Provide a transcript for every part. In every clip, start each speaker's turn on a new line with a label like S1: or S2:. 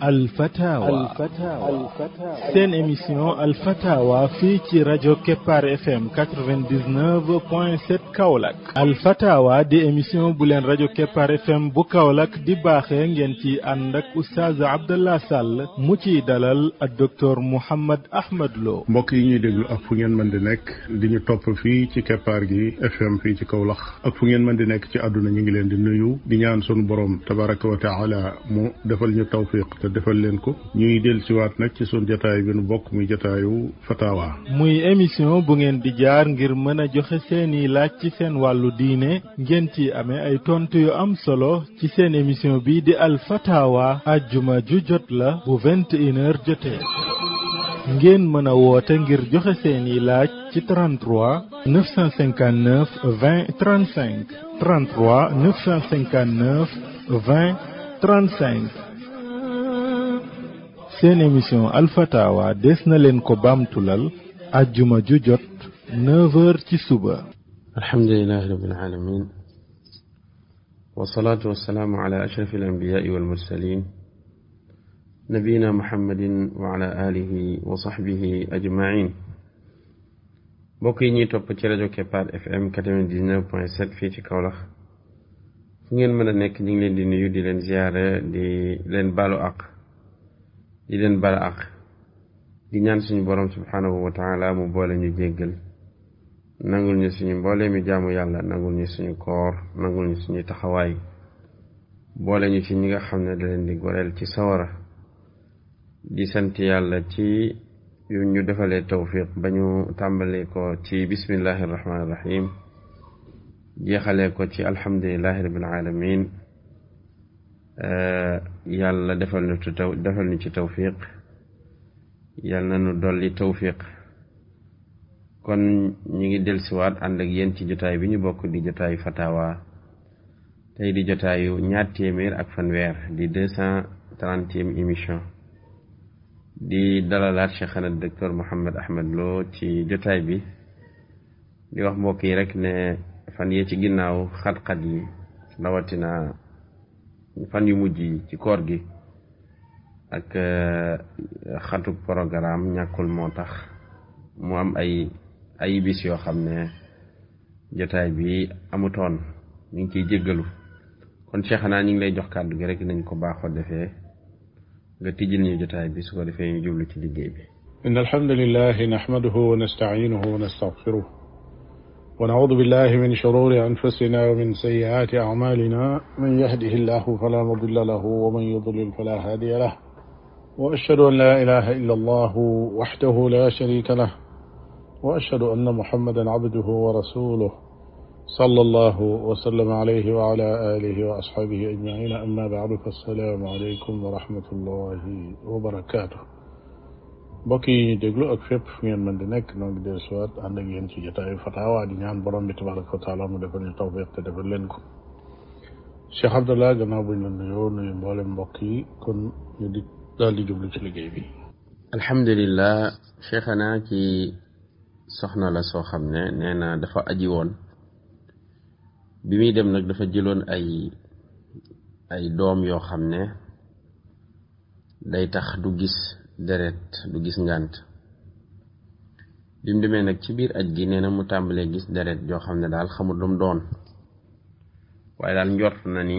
S1: alfatawa seen émission alfatawa fii ci rajo keppaar fm 99 point 7 kaolack alfatawa di émission bu leen rajo keppaar fm bu kaolack di baaxee ngeen ci ànd ak oustaz abdallah sall mu ciy dalal ak docteur mouhamad ahmad lo
S2: mbokk yi ñuy déglu ak fu ngeen mën di nekk di ñu topp fii ci keppaar gi fm fii ci kaolack ak fu ngeen mën di nekk ci àdduna ñu ngi leen di nuyu di ñaan sunu borom tabaraka wa taala mu defal ñu tawfiq defal leen ko ñuy dellusiwaat nag ci sunu jataay bi nu bokk muy jataayu Fatawa.
S1: muy émission bu ngeen di jaar ngir mën a joxe seeni laaj ci seen wàllu diine ngeen ci amee ay tontu yu am solo ci seen émission bi di al Fatawa ajjuma ju jot la bu vingt et jotee. ngeen mën a woote ngir joxe seeni laaj ci 33 959 20 35 33 959 20 35 seen émission alfatawa des na leen ko baamtulal ajjuma ju jot 9 ci suba. alhamdulilahi
S3: rabbil alamin wasalaatu wasalaamu ala ashrafi al anbiyaai wal mursalin nabiyina muhammadin wa ala alihi wa sahbihi ajmain mbokk yi ñuy topp ci rajo Keppaar FM 99.7 fii ci kawlax fu ngeen mën a nekk ñu ngi leen di nuyu di leen ziyaare di leen baalu àq. di leen bala ak di ñaan suñu borom subhanahu wa taala mu boole ñu jéggal nangul ñu suñu mboolee mi jaamu yàlla nangul ñu suñu koor nangul ñu suñu taxawaay boole ñu ci ñi nga xam ne da leen di goreel ci sawara di sant yàlla ci yu ñu defalee tawfiq ba ñu tàmbalee ko ci bismillahi irrahmani irrahim jeexalee ko ci alhamdulilahi rabbil alamin Eh, yàlla defal nu ci taw defal nu ci tawfiq yàlla na nu dolli tawfiq kon ñu ngi dellusiwaat ànd ak yéen ci jotaay bi ñu bokk di jotaayu fatawa tey di jotaayu ñaar téeméer ak fanweer di deux cent trentième émission di dalalaat cheikhana docteur Mouhammad Ahmad loo ci jotaay bi di wax mbokk yi rek ne fan yee ci ginnaaw xat-xat yi rawatina fan yu mujj yi ci koor gi ak euh, xatu programme ñàkkul moo tax mu am ay ay bis yoo xam ne jotaay bi amutoon ñu ngi ciy jëggalu kon Cheikh naa ñu ngi lay jox kàddu gi rek nañ ko baaxoo defee nga tijjil ñu jotaay bi su ko defee ñu jublu ci liggéey bi. inna alhamdulilah
S2: na wa nastainuhu wa nastaghfiruh ونعوذ بالله من شرور أنفسنا ومن سيئات أعمالنا من يهده الله فلا مضل له ومن يضلل فلا هادي له وأشهد أن لا إله إلا الله وحده لا شريك له وأشهد أن محمدا عبده ورسوله صلى الله وسلم عليه وعلى آله وأصحابه أجمعين أما بعد فالسلام عليكم ورحمة الله وبركاته mbokk yi déglu ak fépp fu ngeen mën di nekk noo ngi del siwaat ànd ak yéen ci jotaayu fatawa di ñaan borom bi tabaraka wa taala mu defal ñu tawfiq te defal leen ko Cheikh Abdallah gannaaw buñ la nuyoo mbokk yi kon ñu di daal ci liggéey bi
S3: alhamdulillah cheikhana ci soxna la soo xam ne nee na dafa aji woon bi muy dem nag dafa jiloon ay ay doom yoo xam ne day tax du gis deret du gis ngànt lim demee nag ci biir aj gi nee mu tàmbalee gis deret joo xam ne daal xamul lu mu doon waaye daal njort na ni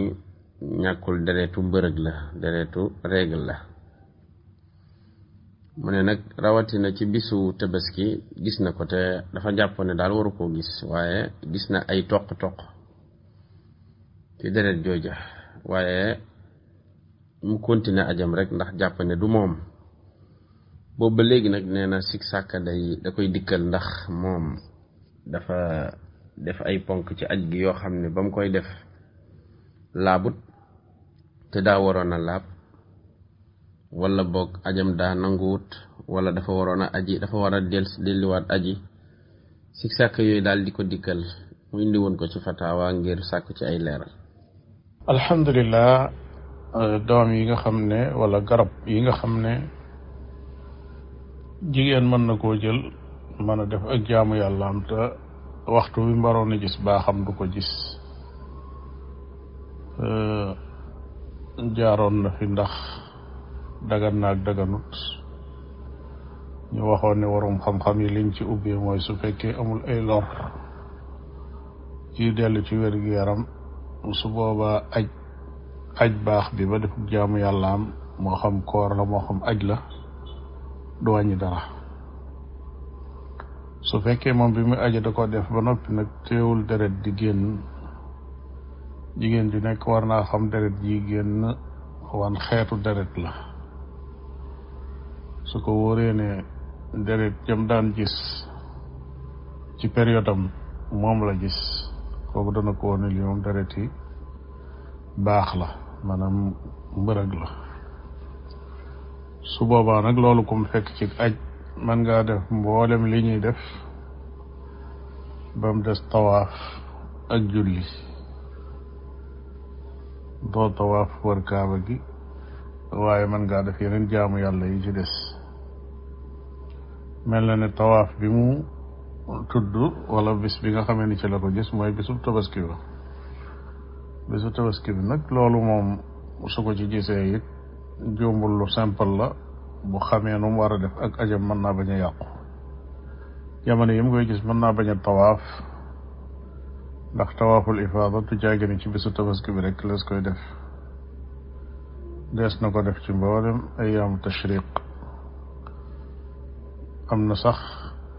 S3: ñàkkul deretu mbërëg la deretu règle la mu ne nag rawatina ci bisu tabaski gis na ko te dafa jàpp ne daal waru koo gis waaye gis na ay toq-toq ci deret jooja waaye mu continuer ajam rek ndax jàpp ne du moom boobu ba léegi nag nee na sik sàkka day da koy dikkal ndax moom dafa def ay ponk ci aj gi yoo xam ne ba koy def laabut te daa waroon a laab wala boog ajam daa nanguwut wala dafa waroon a aji dafa war a del delliwaat aji sik sàkk yooyu daal di ko dikkal mu indi woon ko ci fataawa ngir sàkk ci ay leer
S2: alhamdulilah doom yi nga xam ne wala garab yi nga xam ne jigéen mën na koo jël mën a def ak jaamu yàlla am te waxtu bi mbaroon a gis baaxam du ko gis euh, jaaroon na fi ndax dagan naag daganut ñu waxoon ne warum xam-xam yi liñ ci ubbee mooy su fekkee amul ay lor yi dellu ci wér-gu-yaram su boobaa aj aj baax bi ba def jaamu yàlla am moo xam koor la moo xam aj la du wàññi dara su fekkee moom bi mu aja da ko def ba noppi nag teewul deret di génn jigéen ju nekk war naa xam deret ji génn wan xeetu deret la su ko wóoree ne deret jëm daan gis ci période am moom la gis kooku dana ko wane li moom deret baax la maanaam mbërëg la su boobaa nag loolu kum fekk ci aj man ngaa def mboolem li ñuy def ba mu des tawaaf ak julli doo tawaaf war kaaba gi waaye mën ngaa def yeneen jaamu yàlla yi ci des mel na ne tawaaf bi mu tudd wala bis bi nga xamee ni ci la ko gis mooy bisu tabaski ba bisu bi nag loolu moom su ko ci gisee it njuumbul lu simple la bu xamee nu mu war a def ak ajam man naa bañ a yàqu jamono yi mu koy gis mën naa bañ a tawaaf ndax tawaaful ifaada du jaagini ci bisu tabaski bi rek lees koy def dees na ko def ci mboolem ayaamu tashriq am na sax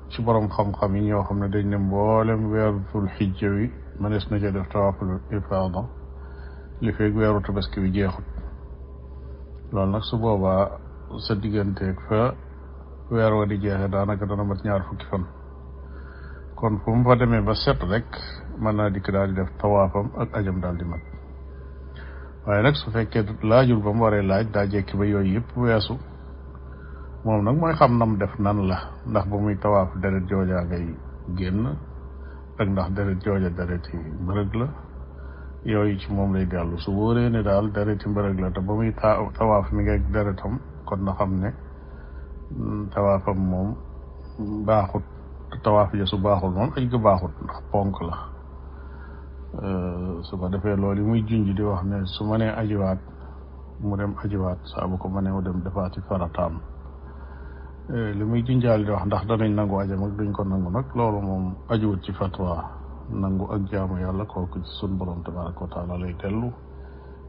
S2: ci borom xam-xam yi ñoo xam ne dañ ne mboolem weeru dul xijja wi mënees na ca def tawaaful ifaada li feeg weeru tabaski bi jeexut loolu nag su boobaa sa digganteeg fa weer wa di jeexe daanaka dana mat ñaar fukki fan kon fu mu fa demee ba set rek mën naa dikk daal di def tawaafam ak ajam daal di mag waaye nag su fekkee laajul ba mu waree laaj daa jekki ba yooyu yëpp weesu moom nag mooy xam mu def nan la ndax ba muy tawaaf deret jooja ngay génn ak ndax deret jooja deret yi bërëg la yooyu ci moom lay gàllu su wóoree ne daal dereti mbërëg la te ba muy tawaaf mi ngi ak deretam kon na xam ne mm, tawaafam moom baaxut tawaaf ya su baaxul moom aj ga baaxut ndax ponk la euh, su ko defee loolu yi muy junj di wax ne su ma ajiwaat mu dem ajiwaat saa ko ma nee mu dem defaati farataam euh, li muy junjaal di wax ndax danañ nangu ajam ak duñ ko nangu nag loolu moom ajuwut ci fatwa nangu ak jaamu yàlla kooku ci sun borom tabaraka wa lay dellu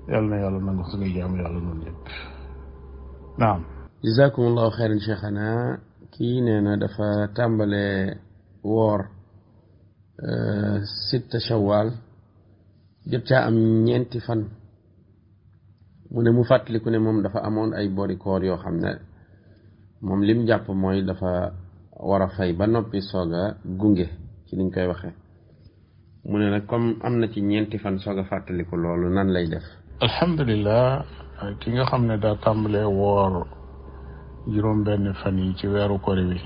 S2: yàlla na yàlla nangu suñu jaamu yàlla noonu yëpp
S3: naam jazakumullahu xeyran cheikhana kii nee na dafa tàmbale woor euh, sitta shawal jot caa am ñeenti fan mu ne mu fàttaliku ne moom dafa amoon ay bori yoo xam ne moom lim jàpp mooy dafa war a fay ba noppi soog a gunge ci niñ koy waxee mu ne nag comme am na ci ñeenti fan soog a fàttaliku loolu nan lay def.
S2: alhamdulilah ki nga xam ne daa tàmbalee woor juróom benn fan yi ci weeru kori bi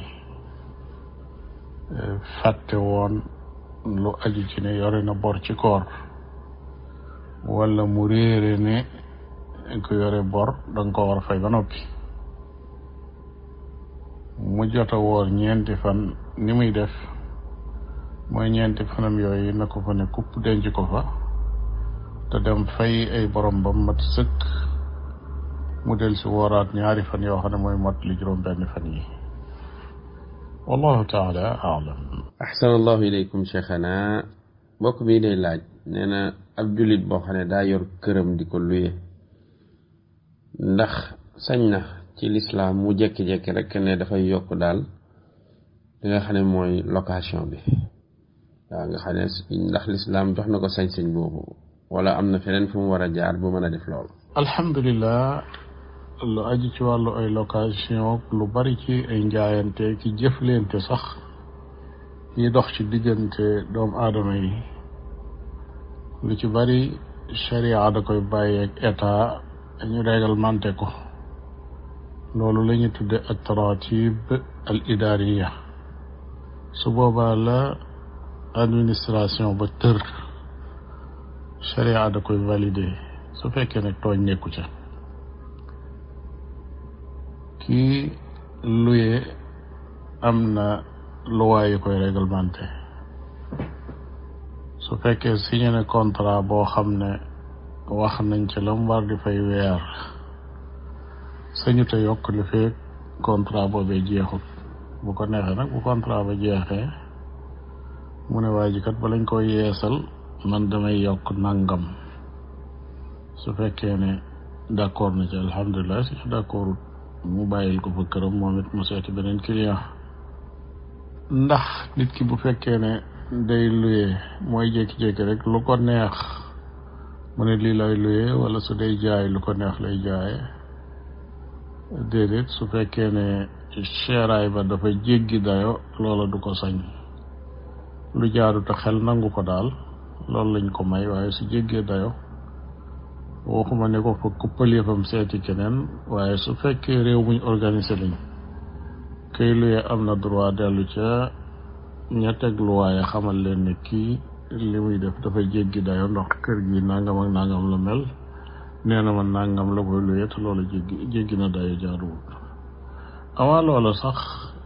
S2: eh, fàtte woon lu aju ci ne yore bor ci koor wala mu réere ne ku yore bor da nga ko war a fay ba noppi mu jot a woor ñeenti fan ni muy def. mooy ñeenti fanam yooyu na ko fa ne kupp denc ko fa te dem fay ay borom ba mat sëkk mu del si wooraat ñaari fan yoo xam ne mooy mat li juróom benn fan yi wallahu taala alam
S3: ahsanallahu ilaykum cheikhana mbokk mi day laaj nee na ab jullit boo xam ne daa yor këram di ko luye ndax sañ na ci lislaam mu jekki-jekki rek ne dafay yokk daal li xam ne mooy location bi waaw nga xam ne ndax lislaam jox na ko sañ-sañ boobu wala am na feneen fu mu war a jaar bu mën a def loolu
S2: alhamdulilah lu aju ci wàllu ay location lu bari ci ay njaayante ki jëflente sax yi dox ci diggante doomu aadama yi lu ci bari charia da koy bàyyeeg état ñu réglementé ko loolu la ñu tudde at taratib al administration ba tër charia da koy valider su fekkee ne tooñ nekku ca kii luye am na luwaa yu koy réglementé su fekkee si na contrat boo xam ne wax nañ ci lam war di fay weer sañu te yokk li fekk contrat boobee jeexut bu ko neexee nag bu contrat ba jeexee mu ne waa ji kat ba lañ ko yeesal man damay yokk nangam su fekkee ne d'accord na ci alhamdulilah si mu bàyyil ko fa këram moom it mu seeti beneen client ndax nit ki bu fekkee ne day luyee mooy jékki-jékki rek lu ko neex mu ne lii lay luyee wala su day jaay lu ko neex lay jaaye déedéet su fekkee ne seeraay ba dafa jéggi dayo loola du ko sañ lu jaaru te xel nangu ko daal loolu lañ ko may waaye su jéggee dayo waxuma ne ko fa kuppaleefam seeti keneen waaye su fekkee réew muñ organisé lañ këy luyee am na droit dellu ca ña teg xamal leen ne kii muy def dafa jéggi dayo ndox kër gi nangam ak nangam la mel nee na ma nangam la koy luyee te loola jéggi jéggi na dayo jaaruwut awaa loola sax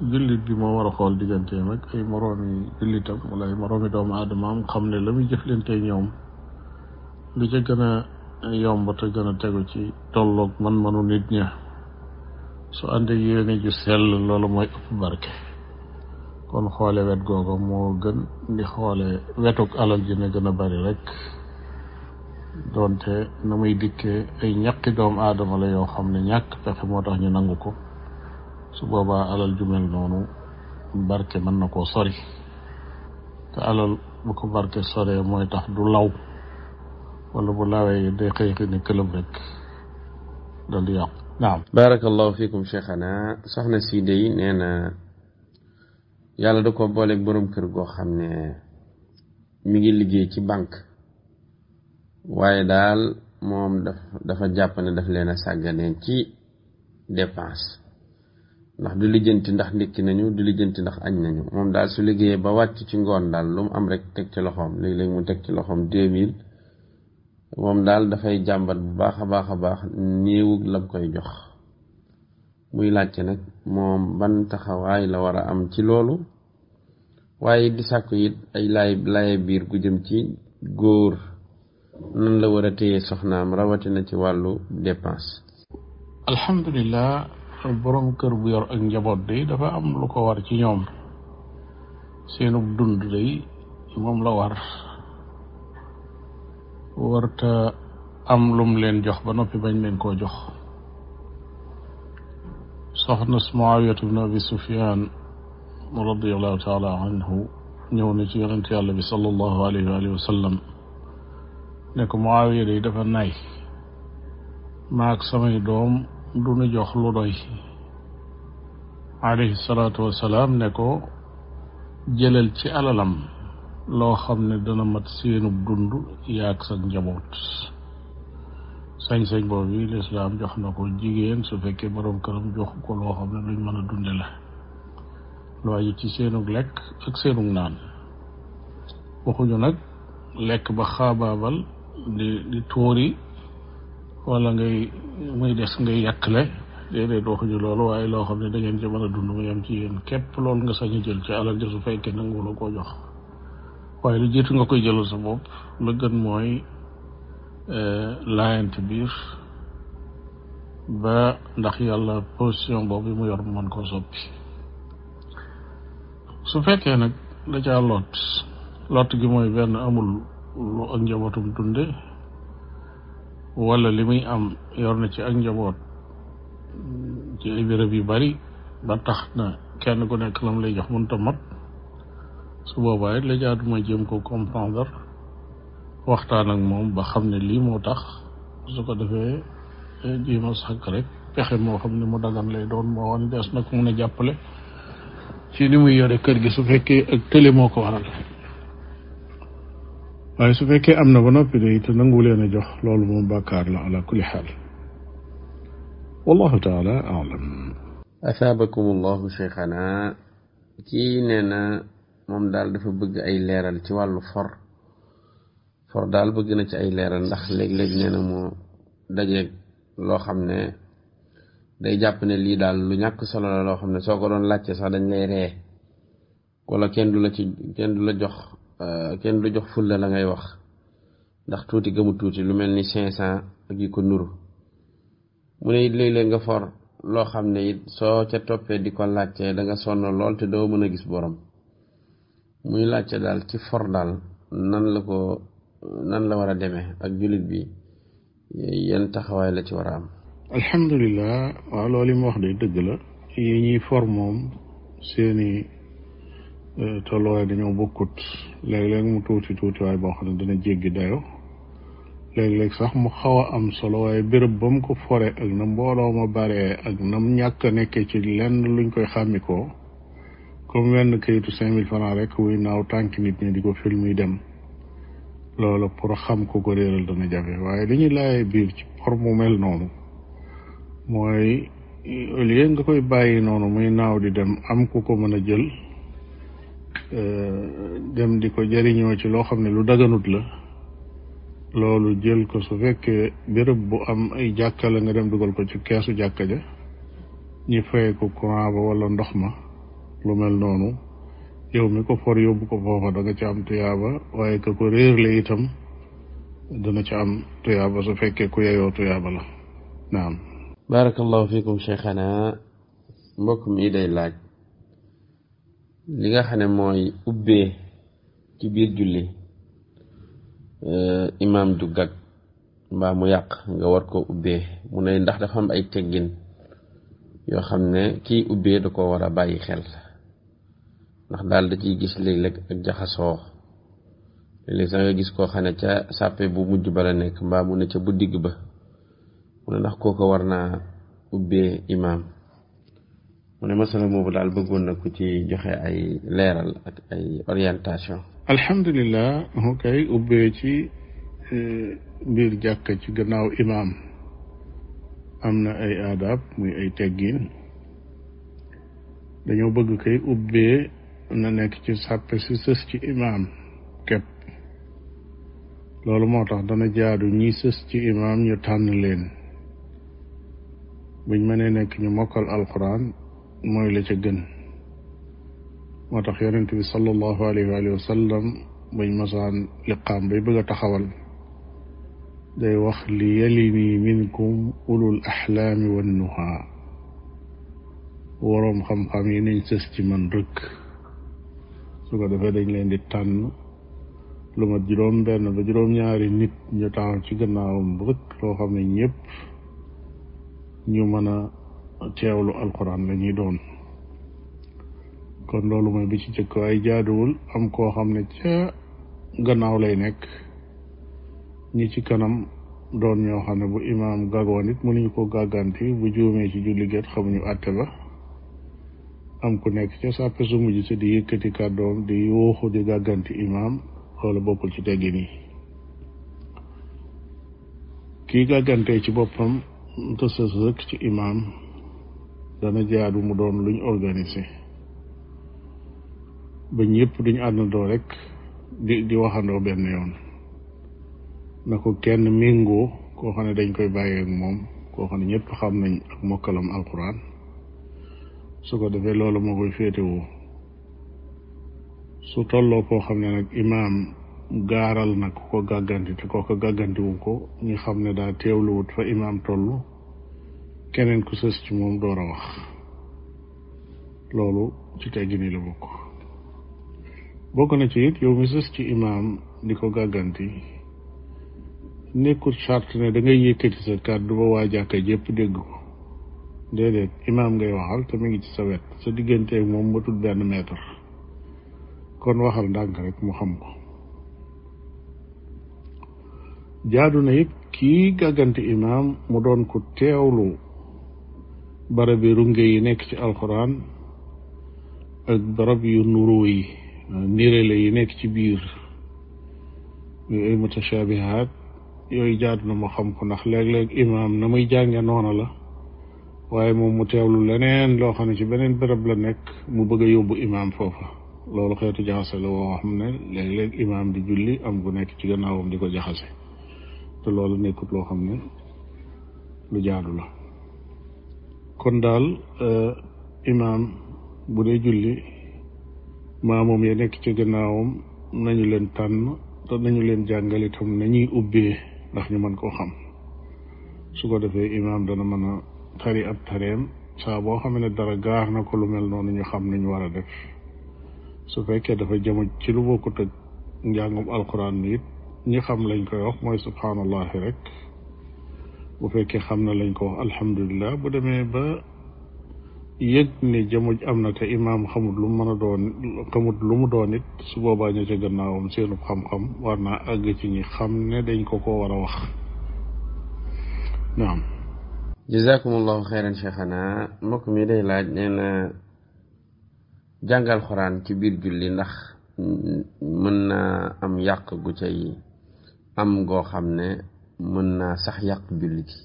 S2: jullit bi moo war a xool digganteem ak ay moroomi jullitam wala ay moroomi doomu aadamaam xam ne la muy jëflante ñoom li ca gën a yomb te gën a tegu ci tollook man-manu nit ña su ànd ak yéene ju sell loolu mooy ëpp barke kon xoole wet googa moo gën di xoole wetuk alal ji na gën a bari rek doonte na muy dikkee ay ñaqi doomu aadama la yoo xam ne ñàkk pexe moo tax ñu nangu ko su boobaa alal ju mel noonu barke mën na koo sori te alal bu ko barke soree mooy tax du law
S3: wala bu lawee day xëy xëy ne këlëb rek dal di yàqu naam barakallahu fikum cheikhana soxna si day nee na yàlla da ko booleeg borom kër goo xam ne mi ngi liggéey ci banque waaye daal moom daf dafa jàpp ne daf leen a sàgganee ci dépense ndax du lijjanti ndax ndikki nañu du lijjanti ndax añ nañu moom daal su liggéeyee ba wàcc ci ngoon daal lu mu am rek teg ci loxoom léeg-léeg mu teg ci loxoom deux mille moom daal dafay jàmbat bu baax a baax a baax néewug lam koy jox muy laajte nag moom ban taxawaay la war a am ci loolu waaye di sàkku it ay laay laaye biir gu jëm ci góor nan la war a téye soxnaam rawatina ci wàllu dépense
S2: alhamdulillah borom kër bu yor ak njaboot day dafa am lu ko war ci ñoom seenub dund day moom la war warta am lum leen jox ba noppi bañ leen koo jox soxna Muawiyatu bnu Abi Sufyaan radiallahu taala anhu ñëw na ci yonent yàlla bi sallallahu alayhi wa alihi wa ne ko Muawiya day dafa nay maak samay doom du nu jox lu doy alayhi salaatu ne ko jëlal ci alalam loo xam ne dana mat seenub dund yaag sa njaboot sañ-sañ boobu lislaam jox na ko jigéen su fekkee boroom këram jox ko loo xam ne mën a dunde la lu ci seenug lekk ak seenug naan waxuñu nag lekk ba xaabaabal di di wala ngay muy des ngay yàqle déedéet waxuñu loolu waaye loo xam ne da ngeen ci mën a dund mu yem ci yéen képp lool nga sañ a jël ci alal ja su fekkee nangu koo jox waaye nga koy jëlal sa bopp la gën mooy eh, laayante biir ndax yàlla position boobu mu yor mu koo soppi fekkee nag da caa lot lot gi mooy benn amul lu ak njabootum dunde wala li muy am yor na ci ak njaboot ci ay béréb yu bari ba tax na kenn ku nekk lam lay jox mënta mat su boobaa it la jaadu mooy jéem ko comprendre waxtaan ak moom ba xam ne lii moo tax soo ko defee eh, jéem a sàkk rek pexe moo xam ne mu dagan lay doon moo wan des nag mun a jàppale ci ni muy yore kër gi su fekkee ak tële moo ko waral waaye su fekkee am na ba noppi de it nangu leen a jox loolu moom bàkkaar la ala kulli xaal wallahu taala alam
S3: asaabakum allahu cheikhana kii nee moom daal dafa bëgg ay leeral ci wàllu for for daal bëgg na ci ay leeral ndax léeg-léeg nee na mu dajeeg loo xam ne day jàpp ne lii daal lu ñàkk solo la loo xam ne soo ko doon laajte sax dañ lay ree wala kenn du la ci kenn du la jox Euh, kenn du jox fulla la ngay wax ndax tuuti gëmu tuuti lu mel ni cinq cent ak yi ko nuru mu ne it léeg-léeg nga for loo xam ne it soo ca toppee di ko laajte da nga sonn lool te doo mën a gis borom muy laajte daal ci for daal nan la ko nan la war a demee ak jullit bi yan taxawaay la ci war a am. alhamdulilah
S2: waaw loolu mu wax de dëgg la yi ñuy for moom seeni te loolee dañoo bokkut léeg-léeg mu tuuti tuuti waaye boo xam ne dana jéggi dayo léeg-léeg sax mu xaw a am solo waaye béréb ba mu ko fore ak na mbooloo ma baree ak na mu ñàkk a nekkee ci lenn luñ koy xàmmikoo kom wenn kayitu cinq mille francs rek wuy naaw tànk nit ñi di ko film yi dem loola pour xam ko ko réeral dana jafe waaye li ñuy laayee biir ci por mu mel noonu mooy au nga koy bàyyi noonu muy naaw di dem am ku ko mën a jël Eh, dem di ko jëriñoo ci loo xam ne lu daganut la loolu jël ko su fekkee béréb bu am ay jàkka la nga dem dugal ko ci keesu jàkka ja ñu fay ko courant wala ndox ma lu mel noonu yow mi ko for yóbbu ko foofa da nga ci am tuyaaba waaye ka ko réerle itam dana ci am tuyaaba su fekkee ku yeyoo tuyaaba la
S3: naam barakallahu fiikum cheikhana mbokk mi day laaj li nga xam ne mooy ubbee ci biir julli eh, imaam du gag mbaa mu yàq nga war koo ubbee mu ne ndax dafa am ay teggin yoo xam ne kii ubbee da ko war a bàyyi xel ndax daal da ciy gis léeg-léeg ak jaxasoo léeg-léeg nga gis koo xam ne ca sàppe bu mujj ba la nekk mbaa mu ne ca bu digg ba mu ne ndax kooko war naa ubbee imaam mu ne masala moobu daal bëggoon na ko ci joxe ay leeral ak ay orientation
S2: alhamdulilah mu koy ubbee ci e, biir jàkka ci gannaaw imaam am na ay aadab muy ay teggin dañoo bëgg koy ubbee na nekk ci sàppe si sës ci imaam képp loolu moo tax dana jaadu ñi sës ci imaam ñu tànn leen buñ mënee nekk ñu mokkal alquran mooy la ca gën moo tax yonent bi sallallahu alayhi wa sallam bañ masaan liqaam bay bëgg a taxawal day wax li yalini minkum ulul axlaami wannuha waroom xam-xam yi nañ sës ci man rëkk su ko defee dañ leen di tànn lu mat juróom benn ba juróom ñaari nit ñu taxaw ci gannaawam rëkk loo xam ne ñëpp ñu mën a teewlu alquran la ñuy doon kon loolu mooy bi ci jëkk ay jaaduwul am koo xam ne ca gannaaw lay nekk ñi ci kanam doon ñoo xam ne bu imaam gàggoon it mënuñu ko gàgganti bu juumee ci julli gét xamuñu àtte ba am ku nekk ca sàppe su mujj si di yëkkati kàddoom di yuuxu di gàgganti imaam loolu bokkul ci teggin yi kii gàggantee ci boppam te sës ci imaam dana jaadu mu doon luñ organiser ba ñëpp duñ àndandoo rek di di waxandoo benn yoon na ko kenn mingo koo xam ne dañ koy bàyyi moom koo xam ne ñépp xam nañ ak mokkalam alquran su ko defee loolu moo koy féetewoo su tolloo koo xam ne nag imaam gaaral na ku ko gàgganti te koo gàggantiwu ko ñu xam ne daa teewluwut fa imaam toll keneen ku sës ci moom door a wax loolu ci teggin yi la bokk bokk na ci it yow mi sës ci imaam di ko gàgganti nekkul charte ne da ngay yëkkati sa kàddu ba waa jàkka jépp dégg ko déedéet imaam ngay waxal te mu ngi ci sa wet sa digganteeg moom matul benn mètre kon waxal ndànk rek mu xam ko jaadu na it kii gàgganti imaam mu doon ko teewlu barabi runge yi nekk ci alxuraan ak barab yu nuroo yi nirale yi nekk ci biir muy ay mutashaabihaat yooyu jaadu na ma xam ko ndax léeg-léeg imaam na muy jànge noona la waaye moom mu teewlu leneen loo xam ne ci beneen barab la nekk mu bëgg a yóbbu imaam foofa loolu xeetu jaxase la woo xam ne léeg-léeg imaam di julli am gu nekk ci gannaawam di ko jaxase te loolu nekkut loo xam ne lu jaadu la kon daal euh, imaam bu dee julli maamoom ya nekk ci gannaawam nañu leen tànn te nañu leen jàngal itam nañuy ubbee ndax ñu mën koo xam su ko defee imaam dana mën a tari ab tareem saa boo xam ne dara gaar na ko lu mel noonu ñu xam nañu war a def su fekkee dafa jëma ci lu bokkut ak njàngum alquran mi it ñi xam lañ ko wax mooy subhaanallahi rek bu fekkee xam na lañ ko wax alhamdulilah bu demee ba yëg ne jamuj am na te imaam xamut lu mën mu doon su boobaa ñoo ca gannaawam seenub xam-xam war naa àgg ci ñi xam ne dañ ko ko war a wax
S3: naam jazakumullahu xeyran cheikhana mbokk mi day laaj nee jàngal xoraan ci biir julli ndax mën na am yàq gu cay am goo xam ne mën naa sax yàq julli gi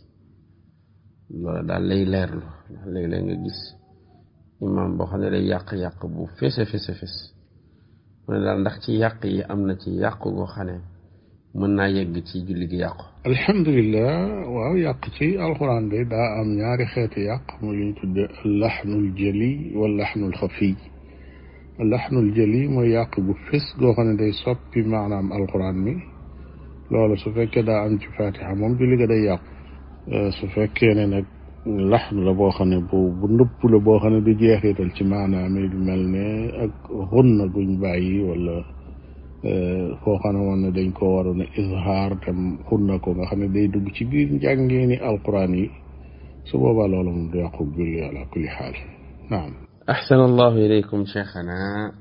S3: loola daal lay leerlu ndax léeg-léeg nga gis imaam boo xam day yàq-yàq bu fese fese fes ci yàq yi am na ci yàq goo xam ne mën naa yegg ci julli yàq
S2: yàqu waaw yàq ci alquran bi daa am ñaari xeeti yàq mu luñ tudde laxnul jëli wal laxnul xafiy laxnul jëli mooy yàq gu fes goo xam ne day soppi maanaam alquran mi loolu su fekkee daa am ci fatiha moom julli ga day euh, su fekkee ne nag laxn la boo xam ne bu bu la boo xam ne du jeexital ci maanaam lu mel ne ak xunna guñ bàyyi wala euh, foo xam ne woon ne dañ koo waroon a izhaar ko nga xam ne day dugg ci biir njàngeeni alquran yi su boobaa
S3: loolu moom du yàqu julli ala kulli xaal naam ahsanallahu ilaykum cheikhana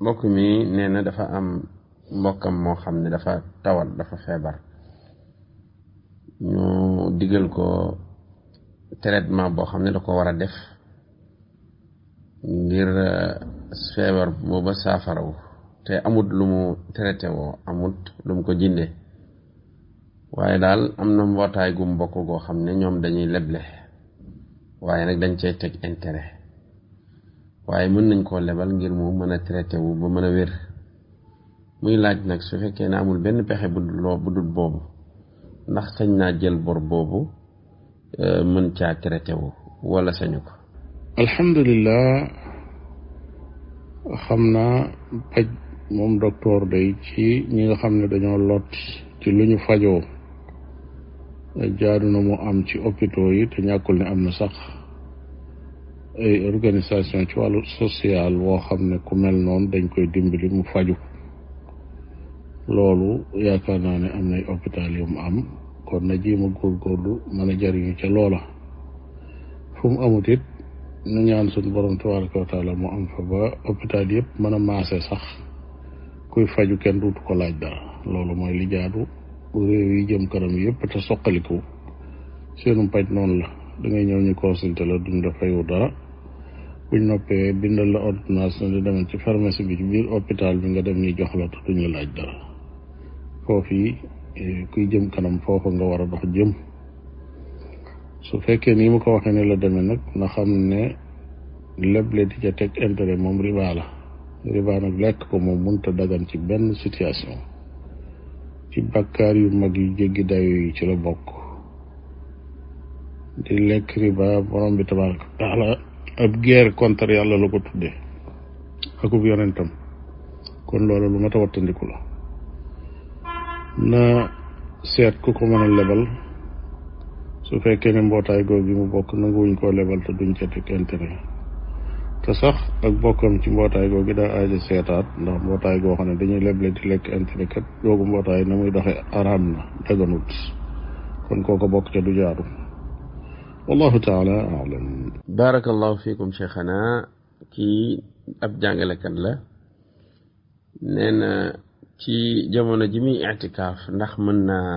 S3: mbokk mi nee na dafa am mbokkam moo xam ne dafa tawal dafa feebar ñu digal ko traitement boo xam ne da ko war a def ngir euh, feebar booba saafarawu te amut lumu mu traité woo amut lu mu ko jindee waaye daal am na mbootaay gum bokk goo xam ne ñoom dañuy leble waaye nag dañ cay teg intérêt waaye mën nañ koo lebal ngir mu mën a traité wu ba mën a wér muy laaj nag su fekkee ne amul benn pexe bu bu dul boobu ndax sañ naa jël bor boobu euh, mën caa traité wu wala sañu ko alhamdulilah
S2: xam naa paj moom docteur day ci ñi nga xam ne dañoo lot ci lu ñu fajoo jaadu na mu am ci hôpitaux yi te ñàkkul ne am na sax ay organisation ci wàllu social woo xam ne ku mel noonu dañ koy dimbali mu faju loolu yaakaar naa ne am nay hôpital yu mu am kon na jéem a góorgóorlu mën a jariñu ca loola fu mu amut nu ñaan suñ borom tabaraka wa taala mu am fa ba hôpital yëpp mën a maase sax kuy faju kenn duutu ko laaj dara loolu mooy li jaadu réew jëm kanam yëpp te soqaliku seenu paj noonu la dangay ñëw ñu consulté la duñ la fayu dara buñ noppee bindal la ordonnance na di demal ci pharmacie bi ci biir hôpital bi nga dem ñu jox la te laaj dara foofii e, kuy jëm kanam foofa nga war a dox jëm su fekkee ni mu ko waxee ne la demee nag na xam ne leble di ca teg intérêt moom riba la riba nag lekk ko moom mënta dagan ci benn situation ci bakkaar yu mag yu jéggi dayo yi ci la bokk di lekk riba borom bi tabaaraka wa taala ab contre yàlla la ko tuddee akub tam kon loolu lu mat a wattandiku la na seet ku ko mën a lebal su fekkee ne mbootaay googu mu bokk nanguwuñ koo lebal te duñ ca teg intérêt te sax ak bokkam ci mbootaay googu daa aaja seetaat ndax mbootaay goo xam ne dañuy leble di lekk intérêt kat googu mbootaay na muy doxe
S3: araam na daganut kon kooko bokk ca du jaaru wallahu taala alam barakallahu fikum cheikhana kii ab jàngalekat la nee na ci jamono ji muy itikaaf ndax mën naa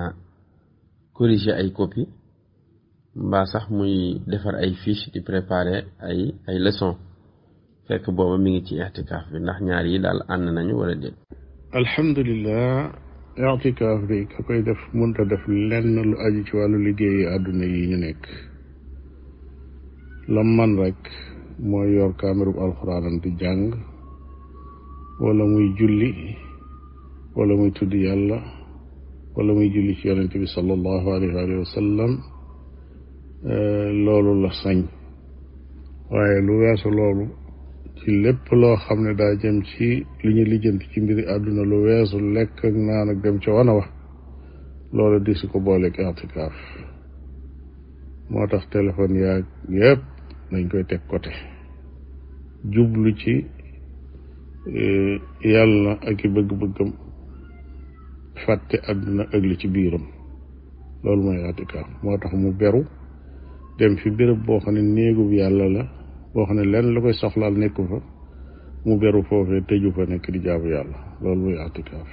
S3: corriger ay copie mbaa sax muy defar ay fiche di préparer ay ay leçon fekk booba mu ngi ci itikaaf bi ndax ñaar yi daal ànd nañu wala déet
S2: alhamdulilah itikaaf bi ka koy def mënta def lenn lu aju ci wàllu liggéeyu àdduna yi ñu nekk la man rek mooy yor kamerub alxuraanam di jàng wala muy julli wala muy tudd yàlla wala mu julli ci yonente bi sallallahu alayhi wa eh, loolu la sañ waaye lu weesu loolu ci lépp loo xam ne daa jëm ci liñu ñu ci mbiri àdduna lu weesu lekk naana naan ak ca wana wa loolu di si ko booleeg itikaaf moo tax téléphone yaag yépp dañ koy teg côté jublu ci eh, yàlla ak i bëgg fàtte àdduna ak li ci biiram loolu mooy itikaaf moo tax mu beru dem fi bërëb boo xam ne néegub yàlla la boo xam ne lenn la koy soxlaal nekku fa mu beru foofee tëju fa nekk di jaabu yàlla loolu mooy itikaaf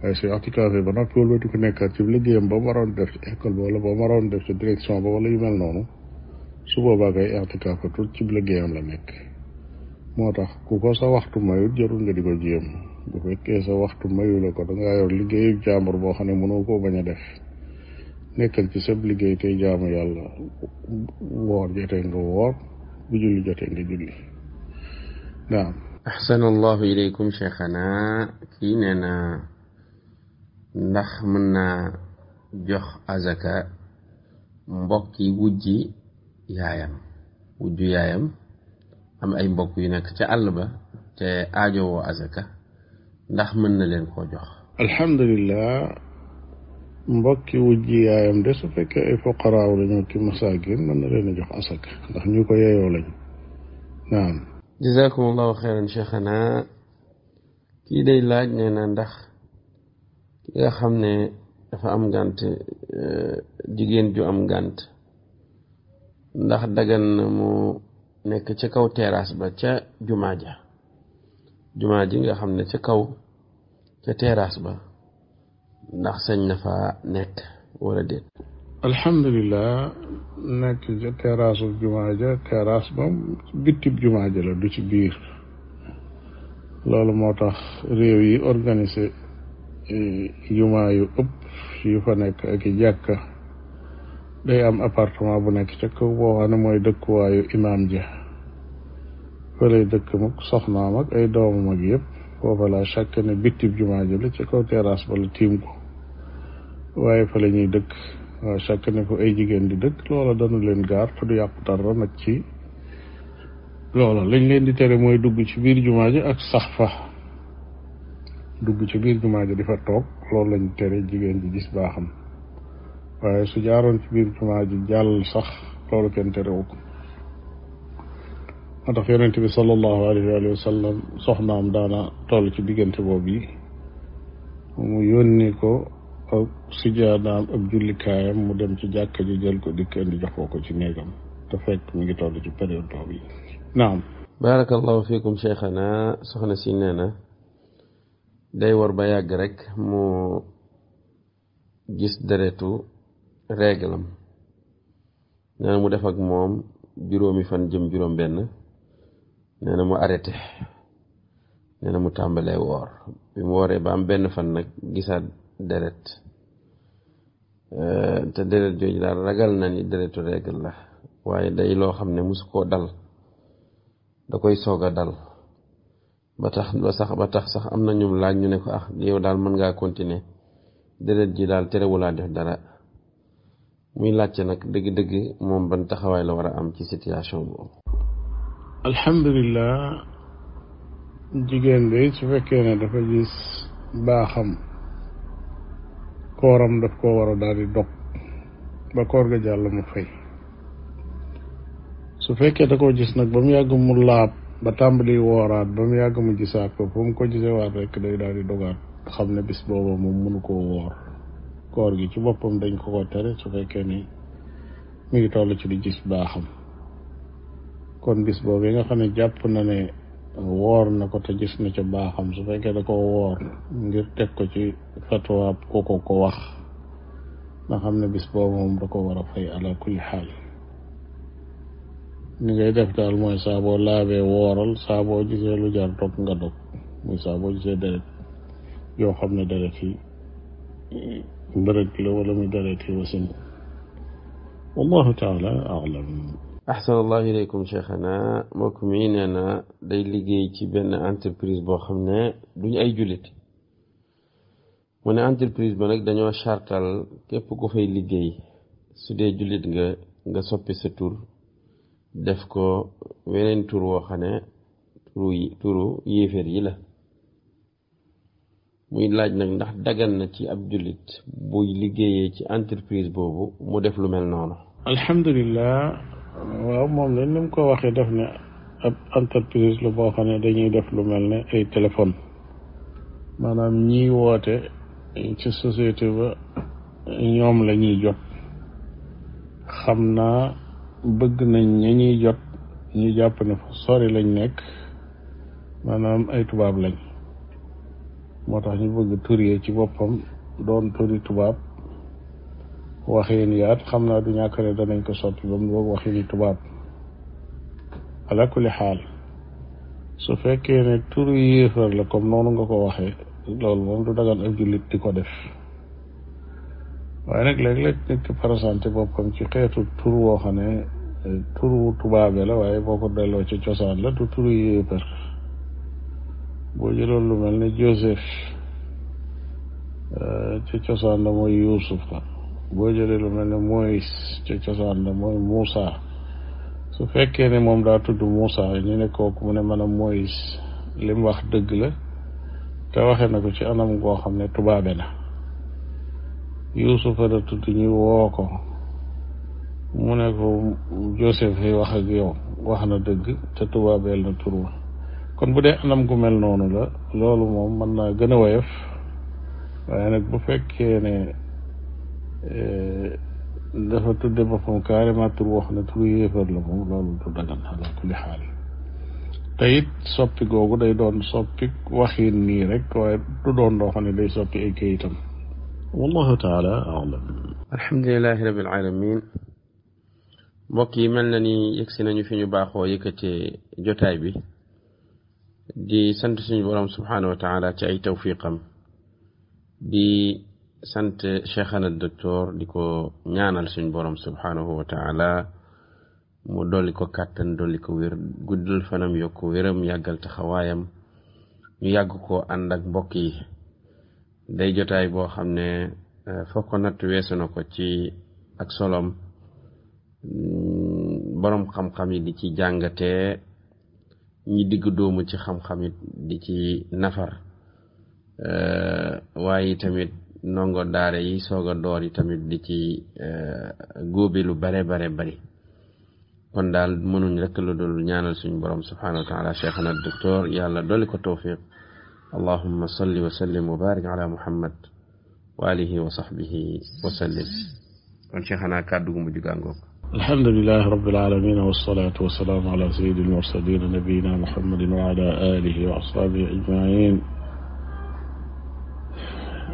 S2: waaye su itikaafee ba noppi wëlbati ko ci liggéeyam ba mu waroon def ci école ba wala yu mel noonu su boobaa koy itikaafatul ci liggéeyam la nekk moo tax ku ko sa waxtu mayut jarul nga di ko jéem bu fekkee waxtu mayu la ko dangaa yor liggéey jàmbur boo xam ne mënoo koo bañ a def nekkal ci sab liggéey tey jaamu yàlla woor jotee nga woor bu julli jotee nga julli
S3: naam ahsanallahu ilaykum cheikhana kii nee na ndax mën naa jox azaka mbokki wujji yaayam wujju yaayam am ay mbokk yu nekk ca àll ba te aajowoo azaka ndax mën na leen ko jox alhamdulilah
S2: mbokki wujji yaayam de su fekkee ay foqaraaw lañu ki masaakin mën na leen a jox asaka ndax ñu ko yeyoo lañ
S3: naam jazakumullahu xeyran cheikhana kii day laaj nee na ndax ki nga xam ne dafa am gànt eh, jigéen ju am gànt ndax dagan na mu nekk ca kaw terrasse ba ca jumaa ja jumaa ji nga xam ne ca kaw ca terrasse ba ndax sañ na fa nekk wala déet
S2: alhamdulilah nekk ca terrasse jumaa ja terrasse ba bittib jumaa ja la du ci biir loolu moo tax réew yi organiser e, jumaa yu ëpp yu fa nekk ak i jàkka day am apartement bu nekk ca kaw boo xam ne mooy dëkkuwaayu imaam ja fa lay dëkk mag soxnaam ak ay doomam ak yépp foofa la chaque ne bitib jumaa la ci kaw terrasse ba la tiim ko waaye fa la dëkk waaye chaque ne fu ay jigéen di dëkk loola dana leen gaar te du yàqu dara nag ci loola lañ leen di tere mooy dugg ci biir jumaa ji ak sax fa dugg ci biir jumaa di fa toog loolu lañ tere jigéen di gis baaxam waaye su jaaroon ci biir jumaa ji jàll sax loolu kenn terewu ko moo tax yonente bi sallallahu alayhi soxnaam daana toll ci diggante boobu yi mu yónni ko ak sijaadaam ab jullikaayam mu dem ci jàkka ji jël ko dikk indi joxoo ko ci néegam te fekk mi ngi toll ci période boobu yi
S3: naam baarakallahu fiikum cheikhana soxna si nee na day war ba yàgg rek mu gis deretu réglam nee mu def ak moom juróomi fan jëm juróom benn nee mu arrêté nee mu tàmbalee woor bi mu wooree ba am benn fan nag gisaat deret eh, te deret jooju daal ragal na ni deretu régal la waaye day loo xam ne musu koo dal da koy soog a dal ba tax ba sax ba tax sax am na ñum laaj ñu ne ko ah yow daal mën ngaa continuer deret ji daal terewu laa def dara muy laajte nag dëgg-dëgg moom ban taxawaay la war a am ci situation boobu
S2: alhamdulilah jigéen bi su fekkee ne dafa gis baaxam kooram daf koo war a daal di dog ba koor ga jàll mu fay su fekkee ta koo gis nag ba mu yàgg mu laab ba tàmbali wooraat ba mu yàgg mu gisaat ko ba mu ko gisewaat rekk day daal di dogaat xam ne bis booba moom mënu koo woor koor gi ci boppam dañ ko ko tere su fekkee ni mu ngi toll ci di gis baaxam kon bis boobu nga xam ne jàpp na ne woor na ko te gis na ca baaxam su fekkee da ko woor ngir teg ko ci fatwaab ko ko ko wax na xam ne bis boobu moom da ko war a fay ala kulli xaal ni ngay def daal mooy saabo laabee wooral saaboo gisee jar dog nga dog muy saaboo gisee deret yoo xam ne deret yi mbërëg la wala muy deret yi wasin wallahu taala alam
S3: ahsanallahu ilaykum cheikhana mbokk mi nee na day liggéey ci benn entreprise boo xam ne duñ ay jullit mu ne entreprise ba nag dañoo chartal képp ku fay liggéey su dee jullit nga nga soppi sa tour def ko weneen tour woo xam ne turu turu yéeféer yi la muy laaj nag ndax dagan na ci ab jullit buy liggéeyee ci entreprise boobu mu def lu mel noonu
S2: alhamdulillah waaw moom la ni mu ko waxee def ne ab entreprise lu boo xam ne dañuy def lu mel ni ay téléphone maanaam ñiy woote ci société ba ñoom la ñuy jot xam naa bëgg nañ ña ñuy jot ñu jàpp ne fu sori lañ nekk maanaam ay tubaab lañ moo tax ñu bëgg tur ci boppam doon turi tubaab waxin yaat xam naa du ñàkk ne danañ ko soppi ba mu boog waxini tubaab ala kulli xaal su fekkee ne turu yéefar la comme noonu nga ko waxee lool moom du dagan ab jullit di ko def waaye nag léeg-léeg nit ki présenté boppam ci xeetu tur woo xam ne turu tubaabe la waaye boo ko delloo ci cosaan la du turu yéefar boo jëloon lu mel ne Joseph euh, ci cosaan la mooy la boo jëlee lu mel ne Moïse ca cosaan la mooy Moussa su fekkee ne moom daa tudd Moussa ñu ne kooku mu ne man a Moïse wax dëgg la te waxe na ko ci anam goo xam ne tubaabe na Yuusufa la tudd ñu woo ko mu ne ko Joseph yi wax ak yow wax na dëgg te tubaabeel na tur wa kon bu dee anam gu mel noonu la loolu moom mën naa gën a woyof waaye nag bu fekkee ne dafa tudde boppam carrément tur wax ne turu yéefar la moom loolu du dagan ala kulli xaal te it soppi googu day doon soppi waxin nii rek waaye du doon loo xam ne day soppi ay kayitam wallahu taala alam
S3: alhamdulilahi rabil alamin mbokk yi mel na ni yëgsi nañu fi ñu baaxoo yëkkatee jotaay bi di sant suñu borom subhanahu wa taala ci ay tawfiqam di sant cheikhana docteur di ko ñaanal suñ borom subhanahu wa taala mu dolli ko kàttan dolli guddal fanam yokk wéram yàggal taxawaayam ñu yàgg ko ànd ak mbokk yi day jotaay boo xam ne foo euh, ko natt weesu ko ci ak solom mm, boroom xam-xam yi di ci jàngatee ñi digg doomu ci xam-xam it di ci nafar euh, waaye tamit ndongo daara yi soog a tamit di ci eh, góobe lu bare bare bari kon daal mënuñ rekk lu dul ñaanal suñu borom subhanahu wa taala cheikhana docteur yàlla dolli ko tawfiq allahumma salli wa sallim wa barik ala muhammad wa alihi wa sahbihi wa sallim kon cheikhana kàddu gu mujj gaa ngoog alhamdulilahi rabbil
S2: alamin wassalatu wassalaamu ala sayyidil mursalin nabiyina muhammadin wa ala alihi wa ashabihi ajmain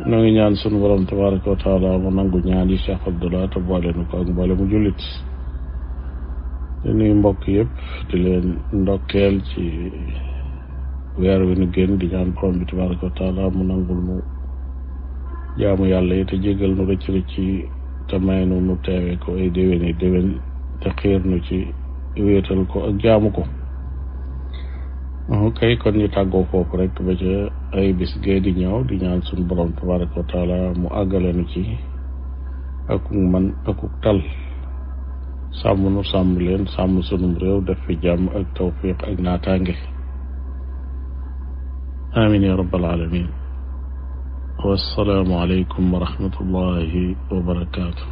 S2: ñu ñaan sunu borom tabaraka wa taala mu nangu ñaan yi Cheikh Abdallah te boole nu ko ak mboole mu jullit di nuyu mbokk yëpp di leen ndokkeel ci weer wi nu génn di ñaan borom bi tabaraka mu nangul mu jaamu yàlla yi te jégal nu rëcc rëcc te may nu nu teewe ko ay déwén yi déwén te xiir nu ci wéetal ko ak jaamu ko kay kon ñu tàggoo foofu rek ay bis gee di ñëw di ñaan suñu borom tabaraka taala mu àggale nu ci akuk man akuk tal sàmm nu sàmm leen sàmm sunum réew def fi jàmm ak tawfiq ak naataange amin ya rabbal alamin wassalaamu aleykum wa rahmatullahi wa barakaatu